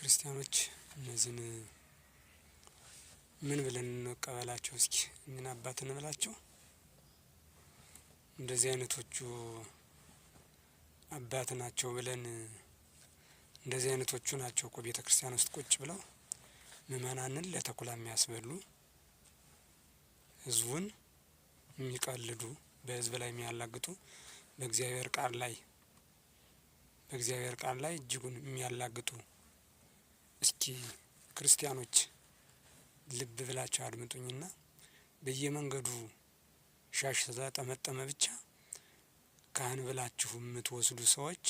ክርስቲያኖች እነዚህን ምን ብለን እንቀበላቸው? እስኪ እኝን አባት እንበላቸው። እንደዚህ አይነቶቹ አባት ናቸው ብለን እንደዚህ አይነቶቹ ናቸው እኮ ቤተ ክርስቲያን ውስጥ ቁጭ ብለው ምእመናንን ለተኩላ የሚያስበሉ ህዝቡን የሚቀልዱ በህዝብ ላይ የሚያላግጡ በእግዚአብሔር ቃል ላይ በእግዚአብሔር ቃል ላይ እጅጉን የሚያላግጡ እስኪ ክርስቲያኖች ልብ ብላቸው አድምጡኝና በየመንገዱ ሻሽ ተጠመጠመ ብቻ ካህን ብላችሁ የምትወስዱ ሰዎች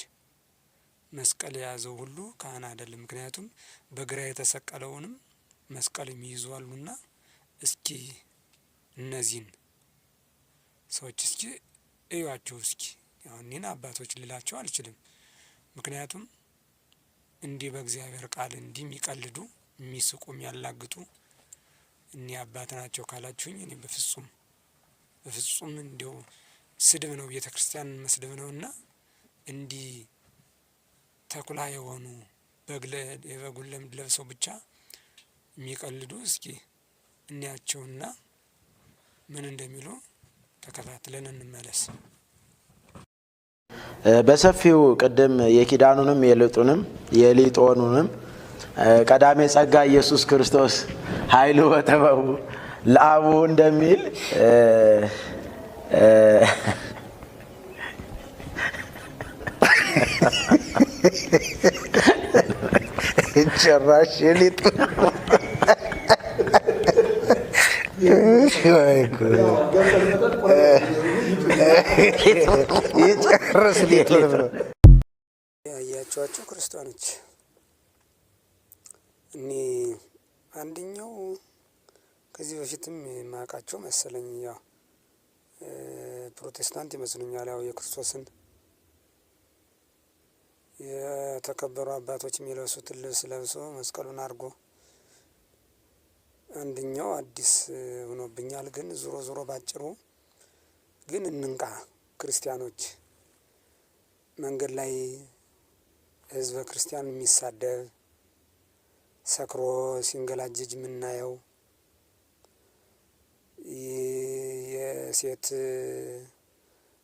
መስቀል የያዘው ሁሉ ካህን አይደለም። ምክንያቱም በግራ የተሰቀለውንም መስቀል ይይዟሉና እስኪ እነዚህን ሰዎች እስኪ እዩዋቸው። እስኪ ያው እኔን አባቶች ልላቸው አልችልም፣ ምክንያቱም እንዲህ በእግዚአብሔር ቃል እንዲህ የሚቀልዱ የሚስቁ የሚያላግጡ እኒህ አባት ናቸው ካላችሁኝ እኔ በፍጹም በፍጹም እንዲው ስድብ ነው፣ ቤተ ክርስቲያን መስድብ ነው። እና እንዲህ ተኩላ የሆኑ የበጉን ለምድ ለብሰው ብቻ የሚቀልዱ እስኪ እንያቸውና ምን እንደሚሉ ተከታትለን እንመለስ። በሰፊው ቅድም የኪዳኑንም የልጡንም የሊጦኑንም ቀዳሜ ጸጋ ኢየሱስ ክርስቶስ ኃይሉ በጥበቡ ለአቡ እንደሚል ጭራሽ የሊጡ የጨረስ ሌትር ነው። ያያቸዋቸው ክርስቲያኖች እኔ አንደኛው ከዚህ በፊትም የማውቃቸው መሰለኝ ያው ፕሮቴስታንት ይመስሉኛል። ያው የክርስቶስን የተከበሩ አባቶች የሚለብሱትን ልብስ ለብሶ መስቀሉን አድርጎ አንደኛው አዲስ ሆኖብኛል። ግን ዙሮ ዙሮ ባጭሩ ግን እንንቃ ክርስቲያኖች። መንገድ ላይ ህዝበ ክርስቲያን የሚሳደብ ሰክሮ ሲንገላጅጅ የምናየው የሴት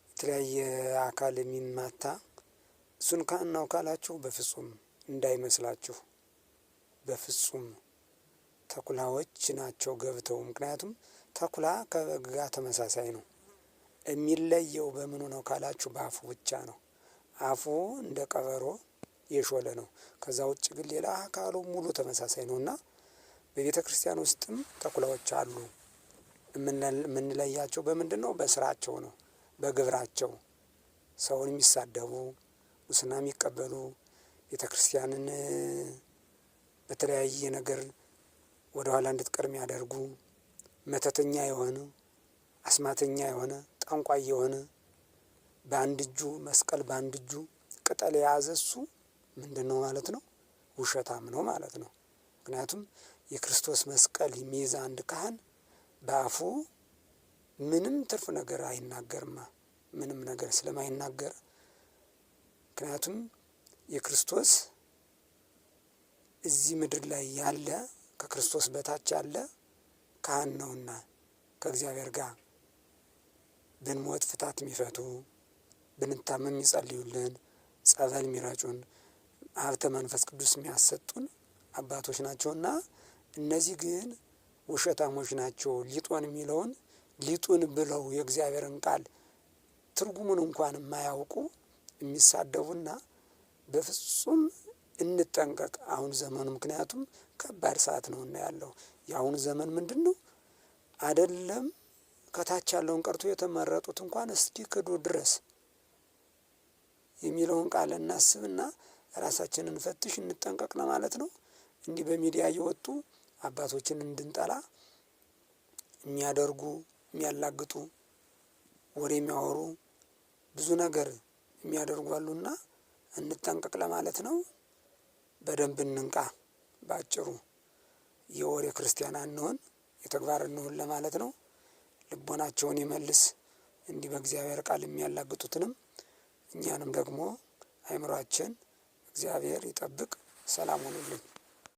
የተለያየ አካል የሚማታ እሱን ካናው ካላችሁ በፍጹም እንዳይመስላችሁ፣ በፍጹም ተኩላዎች ናቸው ገብተው። ምክንያቱም ተኩላ ከበግ ጋር ተመሳሳይ ነው። የሚለየው በምኑ ነው ካላችሁ በአፉ ብቻ ነው። አፉ እንደ ቀበሮ የሾለ ነው። ከዛ ውጭ ግን ሌላ አካሉ ሙሉ ተመሳሳይ ነው እና በቤተ ክርስቲያን ውስጥም ተኩላዎች አሉ። የምንለያቸው በምንድን ነው? በስራቸው ነው፣ በግብራቸው ሰውን የሚሳደቡ ውስና የሚቀበሉ ቤተ ክርስቲያንን በተለያየ ነገር ወደ ኋላ እንድትቀር የሚያደርጉ መተተኛ የሆነ አስማተኛ የሆነ ጠንቋይ የሆነ በአንድ እጁ መስቀል በአንድ እጁ ቅጠል የያዘ እሱ ምንድን ነው ማለት ነው? ውሸታም ነው ማለት ነው። ምክንያቱም የክርስቶስ መስቀል የሚይዝ አንድ ካህን በአፉ ምንም ትርፍ ነገር አይናገርማ፣ ምንም ነገር ስለማይናገር ምክንያቱም የክርስቶስ እዚህ ምድር ላይ ያለ ከክርስቶስ በታች ያለ ካህን ነውና ከእግዚአብሔር ጋር ብንሞት ፍታት የሚፈቱ ብንታመም የሚጸልዩልን፣ ጸበል የሚረጩን፣ ሀብተ መንፈስ ቅዱስ የሚያሰጡን አባቶች ናቸውና እነዚህ ግን ውሸታሞች ናቸው። ሊጦን የሚለውን ሊጡን ብለው የእግዚአብሔርን ቃል ትርጉሙን እንኳን የማያውቁ የሚሳደቡና በፍጹም እንጠንቀቅ። አሁን ዘመኑ ምክንያቱም ከባድ ሰዓት ነው እና ያለው የአሁኑ ዘመን ምንድን ነው አደለም ከታች ያለውን ቀርቶ የተመረጡት እንኳን እስኪ ክዱ ድረስ የሚለውን ቃል እናስብና ራሳችንን እንፈትሽ እንጠንቀቅ ለማለት ነው። እንዲህ በሚዲያ እየወጡ አባቶችን እንድንጠላ የሚያደርጉ የሚያላግጡ ወሬ የሚያወሩ ብዙ ነገር የሚያደርጉ አሉና እንጠንቀቅ ለማለት ነው። በደንብ እንንቃ። ባጭሩ የወሬ ክርስቲያን አንሆን፣ የተግባር እንሆን ለማለት ነው። ልቦናቸውን ይመልስ። እንዲህ በእግዚአብሔር ቃል የሚያላግጡትንም እኛንም ደግሞ አይምሯችን እግዚአብሔር ይጠብቅ። ሰላም ሁኑልኝ።